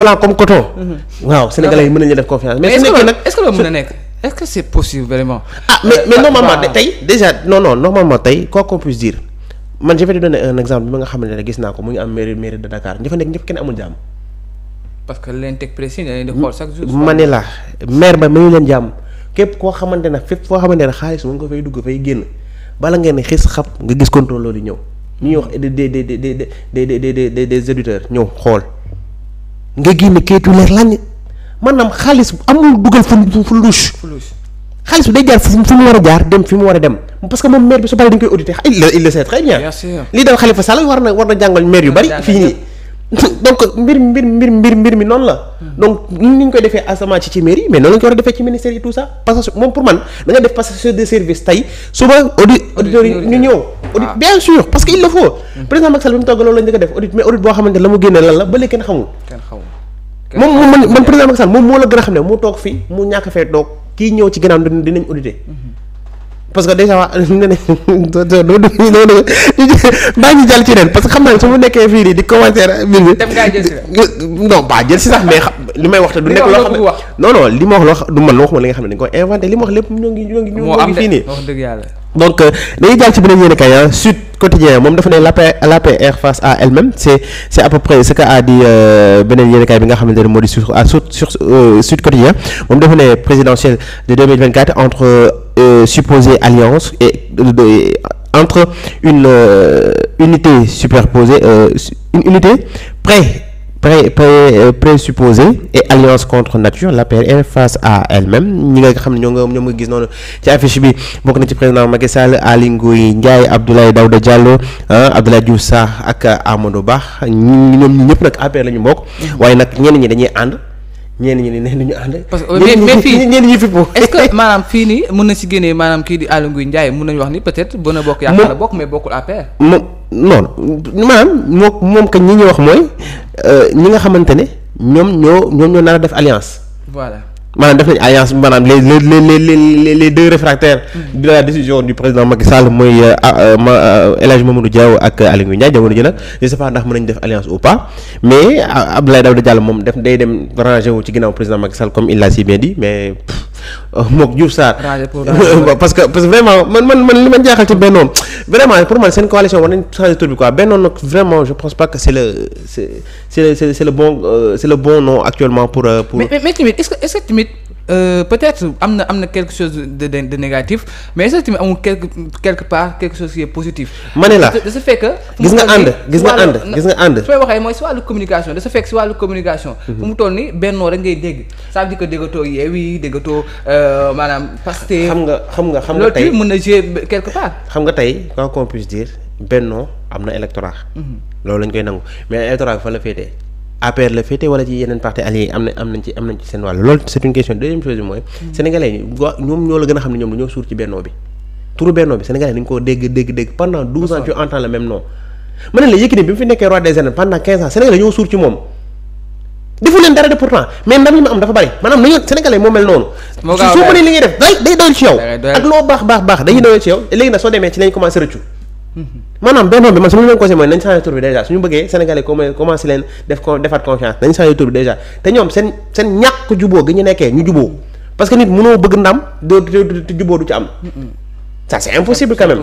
voilà comme coton. waaw sénégalais yi mën nañu def confiance. mais est-ce que nag est-ce que loolu mën na nekk est-ce que c'est possible vraiment. ah mais mais normalement tey déjà non non normalement tey quoi qu'on puisse dire man je vais te donner un exemple bi nga xam ne gis naa ko mu ngi am mairie mairie de Dakar ñi fa nekk ñëpp kenn amul jàmm. parce que leen teg pression da leen di xool chaque jour. ma ne la maire ba mayu leen jàmm képp koo xamante ne fépp foo xamante ne xaalis mu ngi ko fay dugg fay génn bala ngeen xis xab nga gis contrôle loolu ñëw ñu ngi wax des des des des des des des des auditeurs ñëw xool. nga génne kayitu leer lañ maanaam xaalis amul dugal fu fu louche xaalis bi day jaar fu mu war a jaar dem fi mu war a dem parce que moom maire bi su paree dañ koy auditer il le il le sait très bien. bien a defee service tey suba audit auditeurs ah. bien sûr parce que il hmm. président Macky Sall bi mu togg loolu la ñu def audit mais boo xamante la mu génne lan la ba léegi kenn xamul. moom moom man man président moom moo la gën a xam ne mu toog fii mu ñàkk fee toog kii ñëw ci gannaaw dinañ audité mhm. parce que déjà waa nee nañ doo doo doo doo baa ngi jàll ne su nekkee fii nii di commentaire mbir mi. si la. non pas li may wax te du nekk loo xam ne non li ma wax loo xam du man xam ne li nga koy inventé li ma wax lépp ñoo ngi ñoo ngi ñoo ngi fii nii. wax dëgg yàlla. donc euh, dañuy jàll ci beneen yéen kay ah Sud Quotidien moom dafa ne l'APR face à elle-même c'est c'est à peu près ce que a dit euh, beneen yéen kay bi nga xamante ne moo di sur sur euh, Sud Quotidien moom dafa ne présidentielle de 2024 entre supposée alliance et entre une unité superposée une unité près pré pré euh, présupposé et alliance contre nature l'APR face à elle-même ñi nga xam ne ñoo nga ñoom nga gis noonu ci affiche bi bokk na ci président Macky Sall Aly Ngouille Ndiaye Abdoulaye jàlloo Diallo Abdoulaye Diouf Sarr ak Amadou Ba ñi ñoom ñi ñëpp nag APR la ñu bokk mm-hmm. waaye nag ñenn ñi dañuy ànd ñeen ñi ne ñu ànd. parce que mais mais fii ñenn ñi fippu est-ce que maanaam fii nii mën na si génnee maanaam kii di Aly Ngouille Ndiaye mën nañu wax ni peut-être bën a bokk yaakaar la bokk mais bokkul APR. moom non maanaam moom moom kañ ñi ñuy wax mooy euh, ñi nga xamante ne ñoom ñoo ñoom ñoo nar a def alliance. voilà maanaam def nañ alliance maanaam les les les les deux réfractaires mm. de la décision du président Macky Sall mooy euh, ah, euh, euh, El Hadj Mamadou Diaw ak Aliou Ndiaye jamono ji nag je sais pas ndax mën nañu def alliance ou pas mais ah, Abdoulaye Daouda Diallo moom def day dem ranger wu ci ginnaaw président Macky Sall comme il l'a si bien dit mais. Euh, mook Diouf Sarr parce que parce que vraiment man man man li man jaaxal ci bennoon vraiment pour man seen coalition war nañ changer bi quoi bennoon nag vraiment je pense pas que c'est le c'est c'est le bon euh, c'est le bon nom actuellement pour euh, pour mais mais est-ce que est euh, peut-être am na am na quelque chose de de, négatif mais est-ce que tamit amul quelque quelque part quelque chose qui est positif. ma ne la de ce gis nga ànd gis nga ànd gis nga ànd. su may waxee mooy si wàllu communication de ce fait si wàllu communication. Mhm. fu mu toll nii bennoo rek ngay dégg ça veut dire que déggatoo Yewwi déggatoo euh, maanaam Pastef. xam nga xam nga xam nga tey loolu mën na jouer quelque part. xam nga tey quoi qu'on puisse dire bennoo am na électorat. Mhm. loolu lañ koy nangu mais électorat bi fa la féetee. APR la féete wala ci yeneen parti alliés yi am na am nañ ci am nañ ci seen wàll loolu c'est question deuxième chose bi mooy hmm. sénégalais ñoo a xam suur ci bennoo bi mu fi nekkee roi des arènes pendant quinze ans sénégalais ñoo suur ci moom defu leen dara de pourtant mais ndam ma am dafa bari maanaam nañu sénégalais moo mel noonu soo mënee li ngay def day day doyal ci yow ak loo baax baax baax dañuy hmm. doyal ci yow léegi nag soo demee ci lañ commencé rëccu hmm. maanaam benn bi man su ma leen conseillé mooy nañ changé tur bi déjà suñu bëggee sénégalais comme commencé leen def confiance nañ changé tur bi déjà te ñoom seen seen ñàkk juboo gi ñu nekkee ñu juboo parce que nit mënoo bëgg ndam doo juboo du ci am ça c'est impossible quand même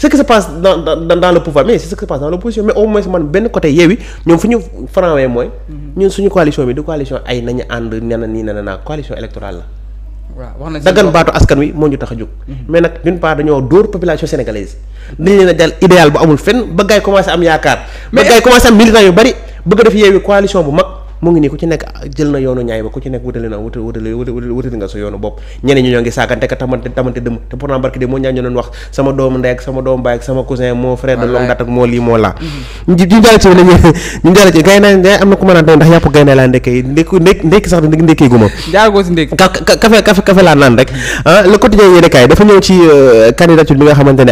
ce qui se passe dans dans dans pouvoir mais c'est qui se passe dans l'opposition mais au moins man benn côté Yewwi ñoom fu ñu farawee mooy. ñun suñu coalition bi du coalition ay nañu ànd nena nii nena naa coalition électorale la. daggan baatu askan wi moo ñu tax a jóg. Mhm. mais nag d'une part dañoo dóor population sénégalaise. dañ leen a jàll bu amul fenn ba gaay commencé am yaakaar. mais ba gaay am militant yu bari bëgg def Yewwi coalition bu mu ngi nii ku ci nekk jël na yoonu ñaay ba ku ci nekk wutali na wutali wutali wutali nga sa yoonu bopp ñeneen ñu ñoo ngi saagante ka tamante tamante dëmm te pourtant barki de moo ñaan ñu doon wax sama doomu ndey ak sama doomu mhm. na ku mën a ndax yàpp gay naa laa ndekke yi ndékku ndékk ndékki sax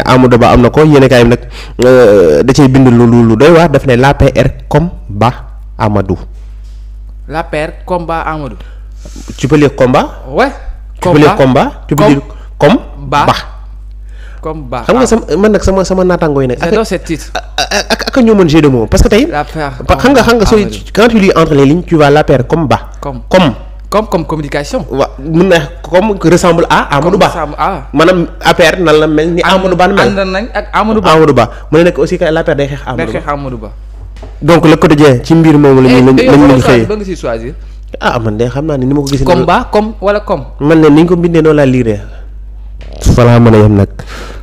ah, euh, Ba am na ko yéene bi nag euh, da bind lu lu doy waar daf ne l'APR comme Ba Amadou la paire combat Amadou. tu peux lire combat. ouais combat tu peux lire combat. tu peux lire comme ba comme ba xam nga ah. sama man nag sama sama naataangoo yi nag. c'est dans ce titre. ak ak ñoo mën jeu de mots parce tey. xam nga xam nga sooy quand tu entre les lignes tu vois comme ba. comme comme. communication. waaw mun na comme ressemble à Amadou Ba ressemble à. nan la mel ni. Amadou Ba mel ànd nañ ak Amadou Ba Amadou Ba mu ne nag aussi kay day xeex Amadou Ba. donc le quotidien ci mbir moomu la ñu eh, xëyee ba nga siy choisir ah man de xam naa ne ni ma ko gis comme ba comme wala comme man ne ni ñu ko bindee noonu laa liiree falaa mën a yem nag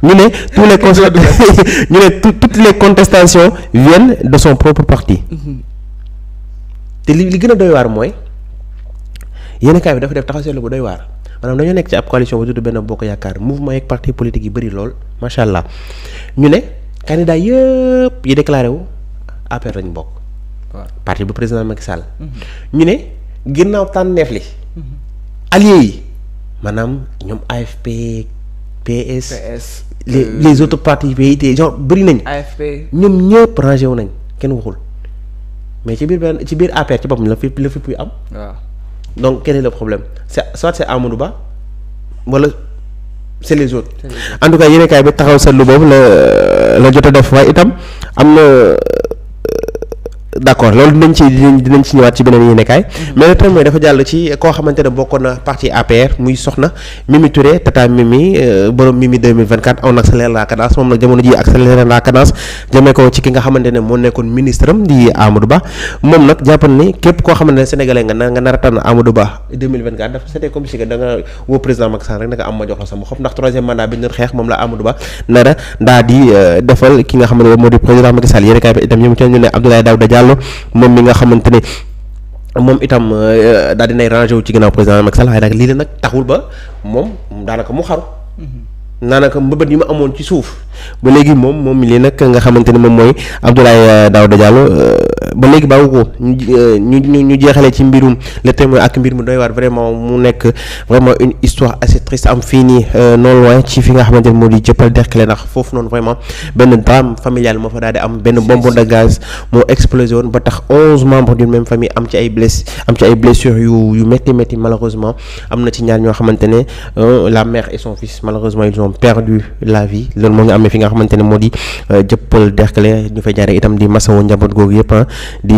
ñu ne tous les const ñu ne toutes les contestations viennent de son propre parti mm-hmm. te li li gën a doy waar mooy yéen kaay bi dafa def taxaw seetlu bu doy waar maanaam dañoo nekk ci ab coalition bu tudd benn bokk yaakaar mouvement yeeg parti politique yi bëri lool macha allah ñu ne candidat yëpp yi déclaré wu APR lañ bokk. waaw parti bu président Macky Sall. Mhm. ñu ne ginnaaw tànneef li. Mhm. alliés yi maanaam ñoom AFP PS. PS les euh, les autres partis PIT genre bëri nañ. AFP ñoom ñëpp rangé wu nañ kenn waxul mais ci biir benn ci biir APR ci boppam la fi la fi puy am. waaw donc quel est le problème c'est soit c'est Amadou Ba wala. c'est les autres en tout cas kaay bi taxaw seetlu boobu la la jot a def waaye itam am na d' accord loolu dinañ ci dinañ ci ñëwaat ci beneen yéenekaay mhm. mais le na parti APR muy euh, ne moo nekkoon ministre am di Amadou Ba moom nag jàppal a tànn Amadou Ba 2024 a di euh, defal ki nga xamante moo di président Macky Sall bi itam ñu mu ci ñu ne Abdoulaye Diallo moom mi nga xamante ne moom itam euh, daal dinay rangé wu ci ginnaaw président Macky Sall waaye nag lii la nag taxul ba moom daanaka mu xaru. Mhm. daanaka mbëbët yi ma amoon ci suuf. ba léegi moom moom li nag nga xamante ne moom mooy Abdoulaye euh, Daouda Diallo euh, ba léegi bàyyi ko euh, ñu ñu ñu jeexalee ci mbirum Le Témoin ak mbir mu doy waar vraiment mu nekk vraiment une histoire assez triste am fii nii non loin ci fi nga xamante ne moo di jëppal Derklé ndax foofu noonu vraiment benn drame familial moo fa daal di am benn bonbon de gaz moo explosé woon ba tax onze membre d'une même famille am ci ay bless am ci ay blessures yu yu métti métti malheureusement am na ci ñaar ñoo xamante ne la mère et son fils malheureusement ils am amee fi nga xamante ne moo di jëppal euh, Derklé ñu fay jaaree itam di masawo njaboot googu yëpp ah, di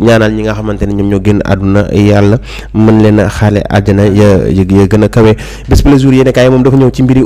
ñaanal ñi nga xamante ne ñoom ñoo génn àdduna yàlla mën leen a xaale àjjana ya ya gën a kawe bés plaisir yéen kaay moom dafa ñëw ci mbiri